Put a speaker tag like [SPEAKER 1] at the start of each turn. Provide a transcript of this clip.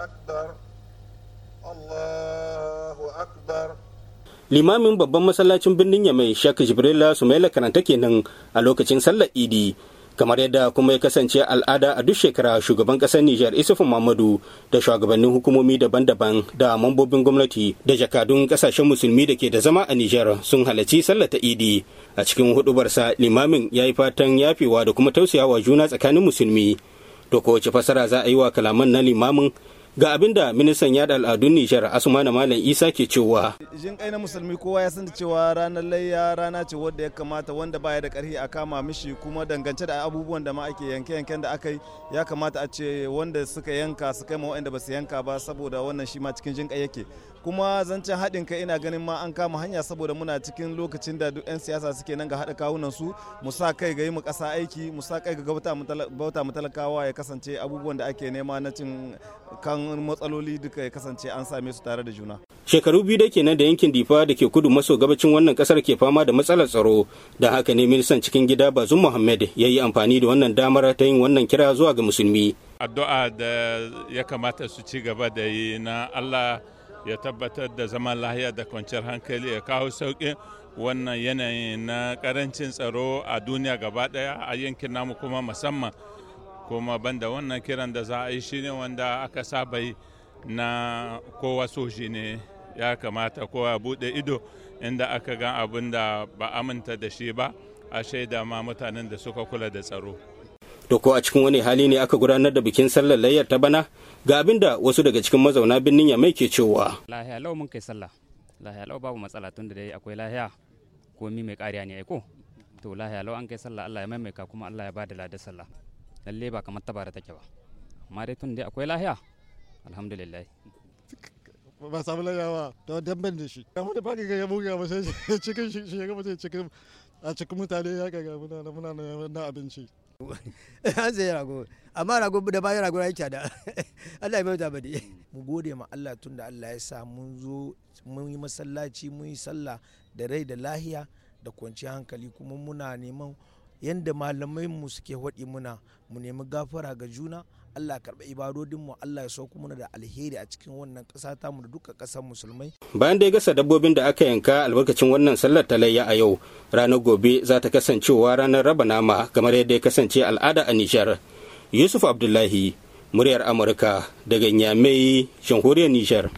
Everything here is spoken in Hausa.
[SPEAKER 1] أكبر الله أكبر limamin babban masallacin birnin yamai shak jibrila mai karanta kenan a lokacin sallar idi kamar yadda kuma ya kasance al'ada a duk shekara shugaban kasar nijar isufu mamadu da shugabannin hukumomi daban-daban da mambobin gwamnati da jakadun kasashen musulmi da ke da zama a nijar sun halarci sallar ta idi a cikin hudubarsa limamin ya yi fatan yafewa da kuma tausayawa juna tsakanin musulmi to ko fasara za a yi wa kalaman na limamin ga abin da ministan yada al'adun nijar asumana malam isa ke cewa
[SPEAKER 2] jin kai na musulmi kowa ya san cewa ranar layya rana ce wadda ya kamata wanda baya da karhi a kama mishi kuma dangance da abubuwan da ma ake yanke yanken da aka ya kamata a ce wanda suka yanka su kai ma wanda ba su yanka ba saboda wannan shi ma cikin jin kai yake kuma zancen haɗin kai ina ganin ma an kama hanya saboda muna cikin lokacin da duk 'yan siyasa suke nan ga haɗa kawunan su mu sa kai ga yi mu ƙasa aiki mu sa kai ga bauta mu talakawa ya kasance abubuwan da ake nema na cin kan matsaloli duka ya kasance an same su tare da juna
[SPEAKER 1] shekaru biyu da ke nan da yankin difa da ke kudu maso gabacin wannan kasar ke fama da matsalar tsaro da haka ne ministan cikin gida bazum muhammed ya yi amfani da wannan damar ta yin wannan kira zuwa ga musulmi
[SPEAKER 3] addu'a da ya kamata su ci gaba da yi na allah ya tabbatar da zaman lahiya da kwanciyar hankali ya kawo sauƙin wannan yanayi na ƙarancin tsaro a duniya gaba ɗaya a yankin namu kuma musamman kuma banda wannan kiran da za a yi shi ne wanda aka saba yi na kowa soji ne ya kamata kowa buɗe ido inda aka ga abin da ba aminta da shi ba a shaida ma mutanen da suka kula da tsaro.
[SPEAKER 1] da ko a cikin wani hali ne aka gudanar da bikin sallar layyar ta bana ga abin da wasu daga cikin mazauna birnin ya mai ke cewa
[SPEAKER 4] lahiya lau mun kai sallah lahiya lau babu matsala tun da dai akwai lahiya komi mai kariya ne aiko to lahiya lau an kai sallah Allah ya maimaita kuma Allah ya bada ladar sallah lalle ba kamar ta tabara take ba amma dai tun da akwai lahiya alhamdulillah
[SPEAKER 1] ba samu lagawa da ban da shi ya mutu fagi ga ya buga ba sai cikin shi ya gaba sai cikin a cikin mutane ya ga muna muna na
[SPEAKER 2] abinci an sai ragu amma ragu da bayan ragu rai da Allah ya mata bade mu gode ma Allah tun da Allah ya sa mun zo mun yi masallaci mun yi sallah da rai da lahiya da kwanciyar hankali kuma muna neman yadda malamai mu suke waɗi muna mu nemi gafara ga juna Allah karɓi ibadodin mu Allah ya sauko muna da alheri a cikin wannan ƙasa ta mu da duka ƙasar musulmai
[SPEAKER 1] bayan da ya gasa dabbobin da aka yanka albarkacin wannan sallar talayya a yau ranar gobe za ta kasancewa ranar raba nama kamar yadda ya kasance al'ada a Nijar Yusuf Abdullahi muryar Amurka daga Nyamai jamhuriyar Nijar